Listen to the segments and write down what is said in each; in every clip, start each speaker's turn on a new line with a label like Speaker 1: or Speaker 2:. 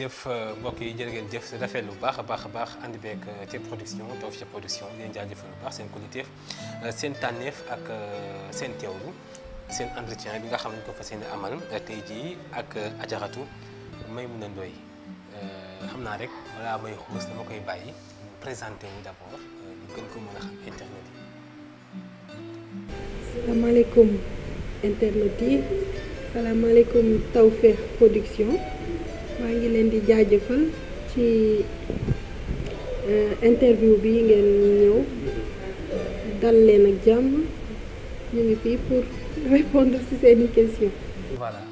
Speaker 1: jëf euh, mbokk yi jërë ngeen jëf rafet lu baax a baax a baax ànd beeg euh, Thiès production Tawfekh production di leen jaajëfal lu baax seen qualité euh, seen tànneef ak seen teewlu seen entretien bi nga xam ko fa seen amal tey jii ak ajaratu Maimouna Ndoye xam naa rek balaa may xuus dama koy bàyyi présenté wu d'abord ñu gën ko mën a xam internet yi.
Speaker 2: salaamaaleykum internet yi salaamaaleykum Tawfekh production. maa ngi leen di jaajëfal ci euh, interview bi ngeen ñëw dal leen ak jàmm ñu ngi fii pour répondre ci seeni question
Speaker 1: voilà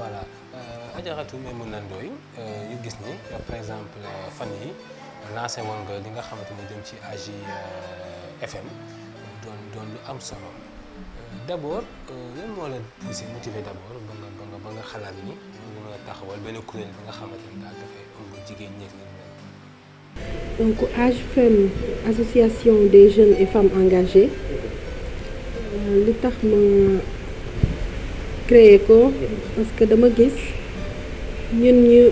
Speaker 1: voilà euh, Ajaratu Maimouna Ndoye yu euh, gis ni par exemple fan yi lancé woon nga li nga xamante ne jëm ci AJFM doon doon lu am solo d' abord lan moo la poussé motivé d' ba nga ba nga xalaat ni taxawal benn kuréel bi nga xamante ni daal dafay ëmb jigéen ñeeg lañ mel.
Speaker 2: donc AJFEM des jeunes et femmes engagées euh, li tax ma créé ko parce que dama gis ñun ñu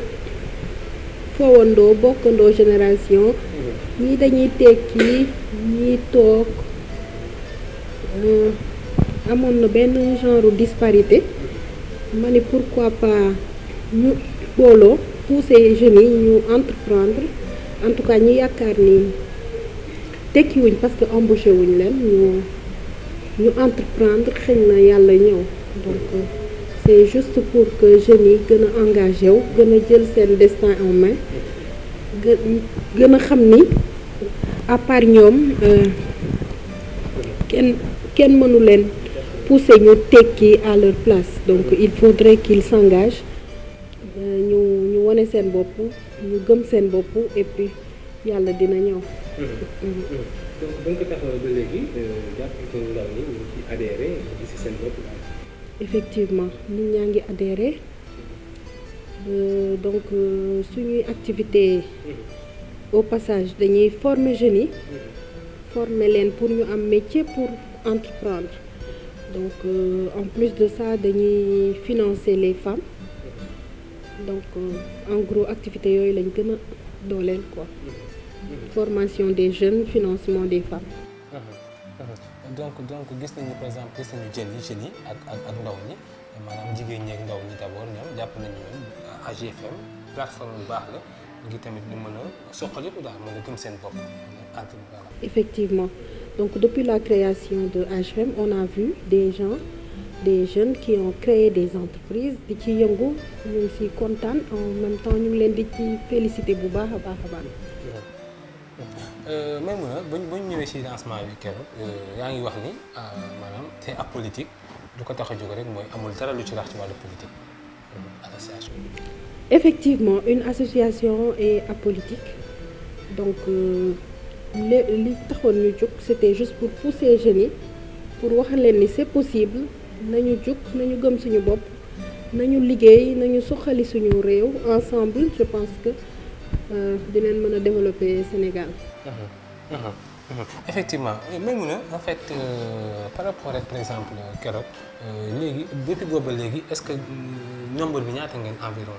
Speaker 2: fowandoo bokkandoo génération ñii dañuy tekki ñii toog euh, amoon na benn genre disparité ma ni pourquoi pas. ñu booloo pousser jeunes yi ñu entreprendre en tout cas ñu yaakaar ni tekkiwuñ parce que embauché wuñ leen ñu ñu entreprendre xëy na yàlla ñëw donc c'est juste pour que jeunes yi gën a engagé wu gën a jël seen destin en main gën a xam ni à part ñoom euh, kenn kenn mënu leen pousser ñu tekki à leur place donc il faudrait qu'ils s'engagent wane seen bopp ñu gëm seen bopp et puis yàlla dina ñëw. donc
Speaker 1: euh, nit
Speaker 2: ñaa ngi adhéré euh, donc euh, suñuy activité au passage dañuy former jeunes yi. former leen pour ñu am métier pour entreprendre donc en plus de ça dañuy financer les femmes. donc euh, en gros activité yooyu lañ gën a dooleel formation des jeunes financement des femmes
Speaker 1: uh-huh. Uh-huh. donc donc gis nañu par exemple gis nañu yi jeunes yi ak ak ak ndaw ñi maanaam jigéen ñi ak ndaw ñi d'abord ñoom jàpp nañu ñoom AGFM plateforme bu baax la ngi tamit ñu mën a soqaliku daal mën gëm seen bopp
Speaker 2: effectivement donc depuis la création de AGFM on a vu des gens des jeunes qui ont créé des entreprises di ci yëngu ñu ngi si kontaan en même temps ñu ngi leen di ci félicité bu baax a baax a baax.
Speaker 1: Euh, Maimouna buñ buñ ñëwee si lancement bi keroog euh, yaa ngi wax ni euh, maanaam te ab politique du ko tax a jóg rek mooy amul dara lu ci rax ci wàllu politique
Speaker 2: association bi. effectivement une association est apolitique donc li li taxoon ñu jóg c'était juste pour pousser jeunes yi pour wax leen ni c'est possible. nañu jug nañu gëm suñu bopp nañu liggéey nañu suqali suñu réew ensemble je pense que euh, dinañ mën a développer Sénégal.
Speaker 1: Mmh. Mmh. Mmh. effectivement euh, Maïmouna en fait euh, par rapport ak par exemple keroog euh, léegi depuis booba léegi est-ce que nombre bi ñaata ngeen environ.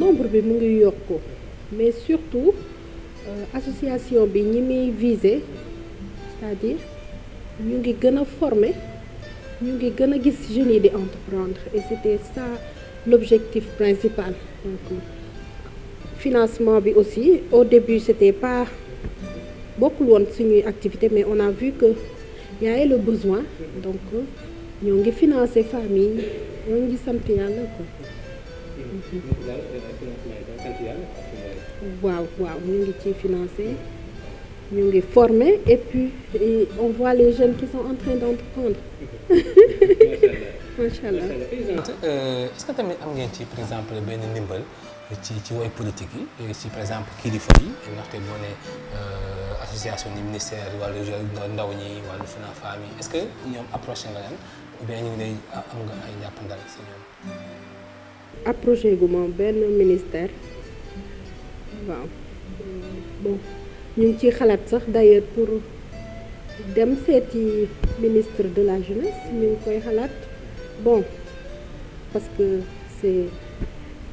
Speaker 2: nombre bi mu ngi yokku mais surtout association bi ñi muy visé cest dire ñu ngi gën a former ñu ngi gën a gis jeunes yi di entreprendre et c'était ça l'objectif principal financement bi aussi au début c'était pas bokkul woon suñuy activité mais on a vu que y le besoin donc ñoo ngi financer famille ñoo ngi sant yàlla ko
Speaker 1: mm-hmm.
Speaker 2: waaw waaw mu ngi ci financer ñu ngi former et puis et on voit les jeunes qui sont en train d'entreprendre. macha allah
Speaker 1: euh, est-ce am ngeen ci par exemple benn ndimbal ci ci way politique yi ci par exemple kilifa yi ndaxte boo ne euh, association du ministère wàllu ndaw ñi wàllu Fena Femme yi est-ce que ñoom approché nga leen ou bien ñu ah, nga ay njàppandal
Speaker 2: si benn ministère waaw bon. ñu ngi ciy xalaat sax d'ailleurs pour dem seeti ministre de la jeunesse ñu ngi koy xalaat bon parce que c'est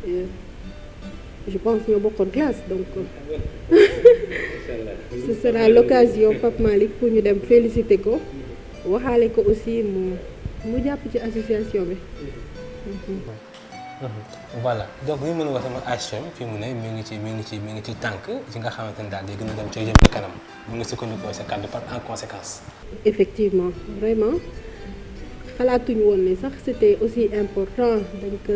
Speaker 2: euh, je pense ñoo bokkoon classe donc
Speaker 1: euh, ce sera l'occasion Pape
Speaker 2: pour ñu dem féliciter ko waxaale ko aussi mu mu jàpp ci association bi. Mm-hmm.
Speaker 1: voilà donc ñu mën a wax sama HFM fi mu mi ngi ci mi ngi ci mi ngi tànk ci nga xamante ne daal day gën a dem ci jëm ci kanam mu ngi sukkandikoo sa kàddu par en conséquence.
Speaker 2: effectivement vraiment xalaatuñu woon ne sax c'était aussi important dañ ko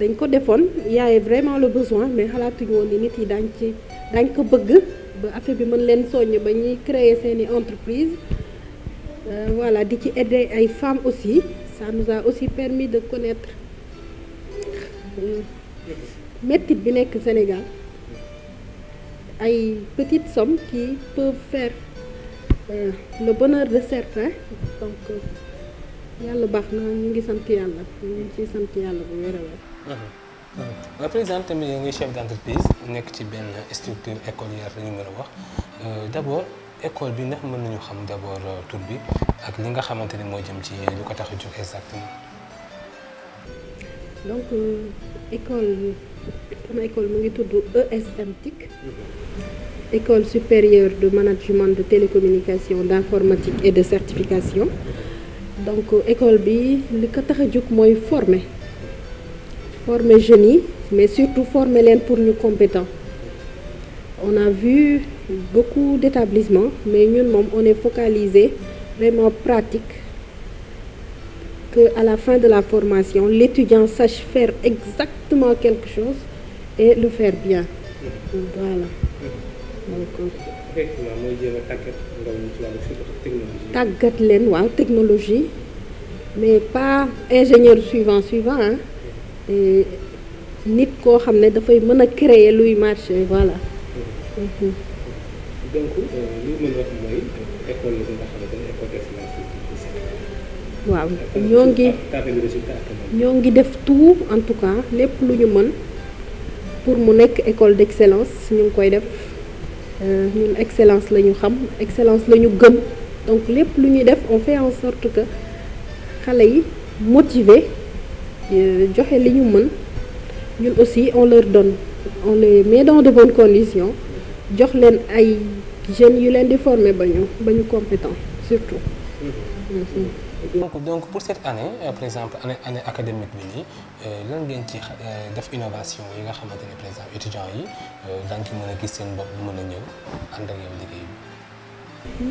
Speaker 2: dañ ko defoon yaaye avait vraiment le besoin mais xalaatuñu woon ni nit yi dañ ci dañ ko bëgg ba affaire bi mën leen soññ ba ñuy créer seeni entreprise euh, voilà di ci aider ay femmes aussi ça nous aussi permis de connaître. méttit bi nekk Sénégal ay petit som qui peuvent faire euh, le bonheur de certains donc euh, yàlla baax na ñu ngi sant yàlla ñu ngi ciy sant yàlla bu wér a wér.
Speaker 1: Euh, présidente tamit nga chef d' entreprise nekk ci benn structure écolière la ñu mën a wax euh, d' abord école bi ndax mën nañu xam d' abord tur bi ak li nga xamante ni moo jëm ci lu ko tax a jóg exactement.
Speaker 2: donc euh, école sama école mu ngi tudd ESM TIC école supérieure de management de télécommunication d'informatique et de certification donc école bi li ko tax a jóg mooy former former jeunes yi mais surtout former leen pour ñu compétent on a vu beaucoup d'établissements mais ñun moom on est focalisé vraiment pratique que à la fin de la formation l'étudiant sache faire exactement quelque chose et le faire bien voilà tàggat leen waaw technologie mais pa ingénieur suivant suivant nit koo xam ne dafay mën a créer luy marché voilà euh, waaw ñoo ngi ñoo ngi def tout en tout cas lépp lu ñu mën pour mu nekk école d'excellence ñu ngi koy def euh, ñun excellence la ñu xam excellence la ñu gëm donc lépp lu ñuy def on fait en sorte que xale yi motivé euh, joxe li ñu mën ñun aussi on leur donne on les met dans de bonnes conditions jox leen ay jeunes yu leen di former ba ñu ba ñu compétent surtout. Mm-hmm. Mm-hmm. donc
Speaker 1: donc pour cette année euh, par exemple année année académique bi nii euh, lan ngeen ci euh, def innovation yi nga xamante ni par exemple étudiants yi daan ci mën a gis seen bopp mën a ñëw ànd ak yow liggéey
Speaker 2: bi.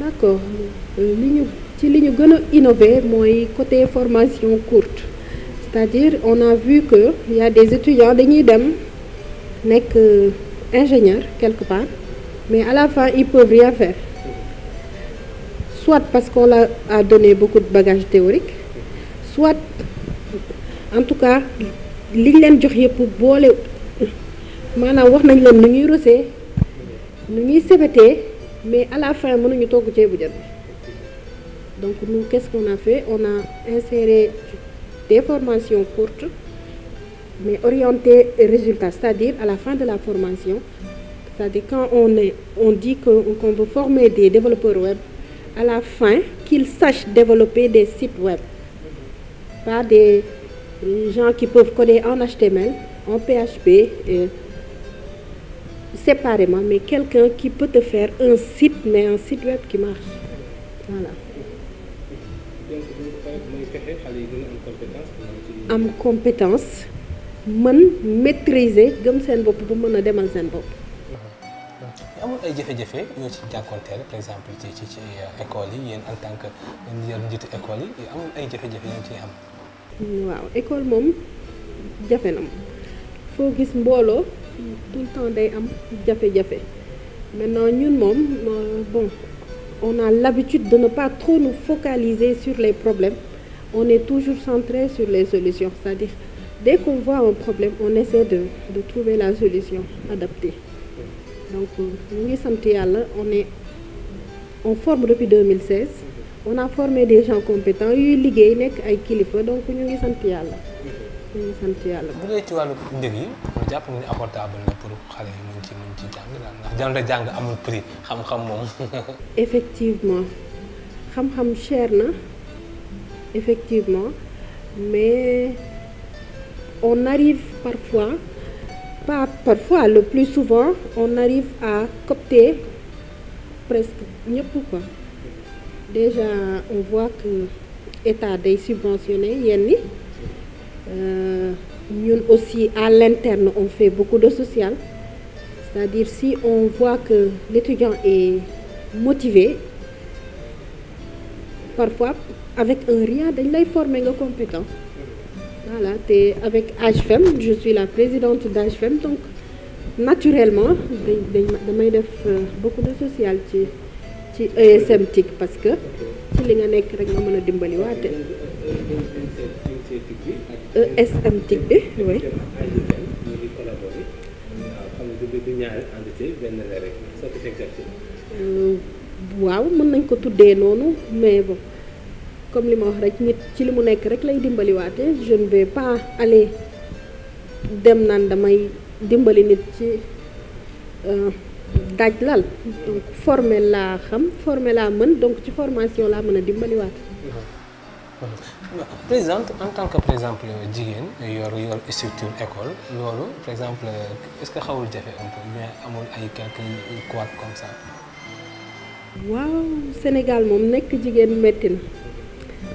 Speaker 2: d' li ñu ci li ñu gën a innové mooy côté formation courte c' est à dire on a vu que y des étudiants dañuy dem nekk ingénieur quelque part mais à la fin ils peuvent rien faire. soit parce qu'on la a donné beaucoup de bagages théoriques soit en tout cas liñ leen jox yëpp boole maanaam wax nañ leen nu ñuy rosee nu ñuy sebetee mais à la fin nañu togg ceebu jën donc nous qu'est-ce qu'on a fait on a inséré des formations courtes mais orientées résultat cest à à la fin de la formation cest à quand on est on dit que qu'on veut des développeurs web à la fin qu'ils sache développer des sites web. Pas des gens qui peuvent coder en HTML, en PHP, euh, séparément, mais quelqu'un qui peut te faire un site, mais un site web qui marche. Voilà.
Speaker 1: am compétence
Speaker 2: man maîtriser gëm seen bopp ba mën a demal seen bopp
Speaker 1: amul ay jafe-jafe yoo ci jànkonteel par exemple ci ci ci euh, école yi yéen en tant que yéen école yi amul ay jafe-jafe yoo ciy am.
Speaker 2: waaw école moom jafe na moom foo gis mbooloo tout le temps day am jafe-jafe maintenant ñun moom euh, bon on a l'habitude de ne pas trop nous focaliser sur les problèmes on est toujours centré sur les solutions c'est-à-dire dès qu'on voit un problème on essaie de de trouver la solution adaptée. donc euh, ñu ngi sant yàlla on est on forme depuis 2016 on a formé des gens compétents yuy liggéey nekk ay kilifa donc ñu ngi sant yàlla. ñu ngi sant yàlla. bu dee ci wàllu njëg yi
Speaker 1: ma jàpp ni abordable na pour xale yi mën ci ci jàng daal ndax jàng amul prix xam-xam moom.
Speaker 2: effectivement xam-xam cher na effectivement mais on arrive parfois. pas parfois le plus souvent on arrive à coopter presque ñëpp ko déjà on voit que état day subventionné yenn yi euh, ñun aussi à l'interne on fait beaucoup de social c'est-à-dire si on voit que l'étudiant est motivé parfois avec un rien dañ lay former nga compétent voilà te avec AJFEM je suis la présidente d'AJFEM donc naturellement dañ damay def euh, beaucoup de social ci ci ESM parce que ci li nga nekk rek nga mën a dimbali waate ESM euh, waaw mën nañ ko tuddee noonu mais bon. comme li ma wax rek nit ci li mu nekk rek lay dimbaliwaate je ne vais pas aller dem naan damay dimbali nit ci euh, daaj lal donc formé laa xam formé laa mën donc ci formation laa mën a dimbaliwaate
Speaker 1: présidente en tant que par exemple jigéen yor yor structure école loolu par est que xawul jafe un peu mais amul ay quelque quoi comme ça
Speaker 2: waaw Sénégal moom nekk jigéen metti na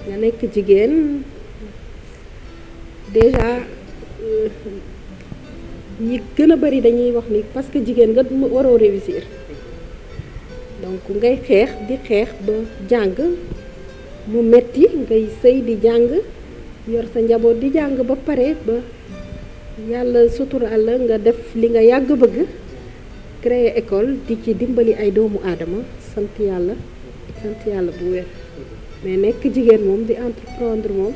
Speaker 2: nga nekk jigéen déjà ñi euh, gën a bari dañuy wax ni parce que jigéen nga waroo réussir donc ngay xeex di xeex ba jàng mu metti ngay sëy di jàng yor sa njaboot di jàng ba pare ba yàlla suturaal la nga def li nga yàgg bëgg créer école di ci dimbali ay doomu aadama sant yàlla sant yàlla bu wér mais nekk jigéen moom di entreprendre moom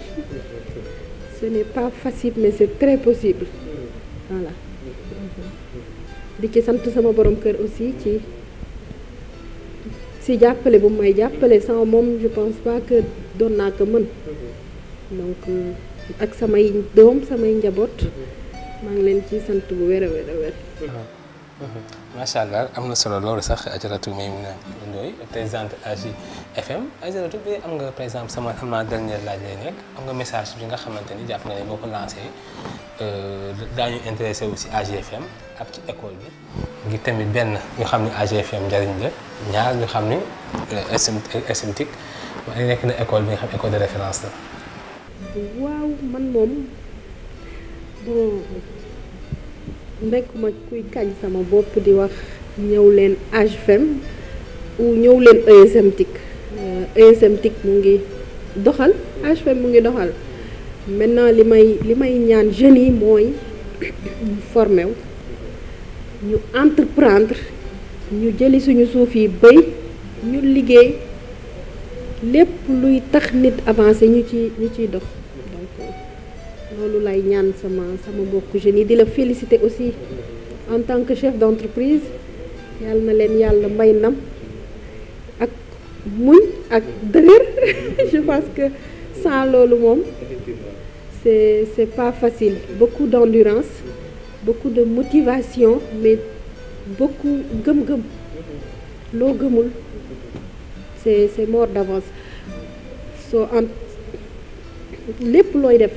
Speaker 2: ce n'est pas facile mais c'est très possible voilà di ci sant sama borom kër aussi ci si jàppale bu may jàppale sama moom je pense pas que doon naa ko mën donc euh, ak samay doom samay njaboot maa ngi leen ci sant bu wér a wér ah. Mm-hmm.
Speaker 1: macha allah am na solo loolu sax ajaratu Maimouna Ndoye présidente AJ FM ajaratu bi am nga par exemple sama am na dernier laaj lay nekk am nga message bi nga xamante ni jàpp nga ne boo ko lancé euh, daañu intéressé wu si AJ FM ak ci école bi ngir tamit benn ñu xam ne AJ FM njëriñ la ñaar ñu xam ne euh, SMTIC euh, waaye nekk na école bi nga xam école de référence la.
Speaker 2: nekkuma kuy kañ sama bopp di wax ñëw leen HFM ou ñëw leen ESM TIC ESM euh, e TIC mu ngi doxal HFM mu ngi doxal maintenant li may li may ñaan jeunes yi mooy ñu wu ñu entreprendre ñu jëli suñu suuf yi béy ñu liggéey lépp luy tax nit avancé ñu ci ñu ciy dox loolu lay ñaan sama sama mbokku jeunes yi di la félicité aussi en tant que chef d'entreprise yàlla na leen yàlla may ndam ak muñ ak dëgër je pense que sant loolu moom c'est c'est pas facile beaucoup d'endurance bokku de motivation mais beaucoup gëm-gëm loo gëmul c'est c'est mort d'avance soo am lépp looy def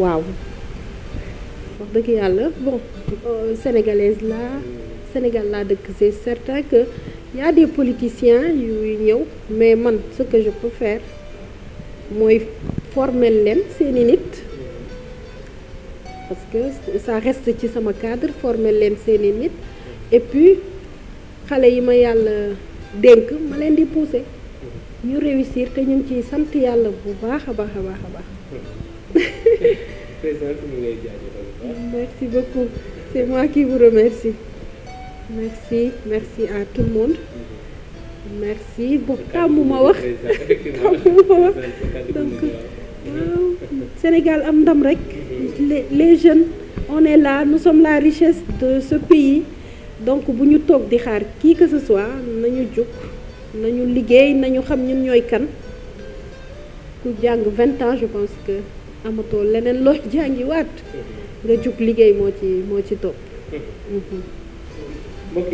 Speaker 2: waaw wax dëgg yàlla bon euh, sénégalaise la Sénégal laa dëkk c'est certain que y a des yuy ñëw mais man sa que je peux faire mooy formel leen seeni nit parce que ça reste ci sama cadre former leen seeni nit et puis xale yi ma yàlla dénk ma leen di pousser ñu réussir te ñu ngi ciy sant yàlla bu baax a baax a baax a baax présidente merci beaucoup c'est moi qui vous remercie. merci merci à tout le monde. merci bon tàmm ma wax tàmm ma wax donc Sénégal am ndam rek les les jeunes on est là la richesse de ce pays donc bu ñu toog di xaar kii que ce soit nañu jug nañu liggéey nañu xam ñun ñooy kan ku jàng vingt ans je pense que amatoo leneen loo jàngiwaat nga jug liggéey moo ci moo ci topp.
Speaker 1: ak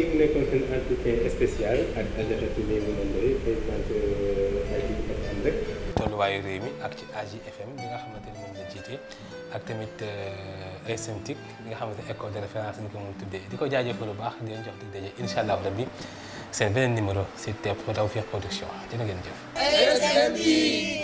Speaker 1: euh, tolluwaayu réew mi ak ci AJFM bi nga xamante ni moom la ak tamit euh, SMTIC bi nga xamante ni école de référence ni ko moom tuddee di ko jaajëfal bu baax di jox di daje incha allah rabbi seen beneen numéro si Tawfekh Production jërë ngeen jëf. SMTIC.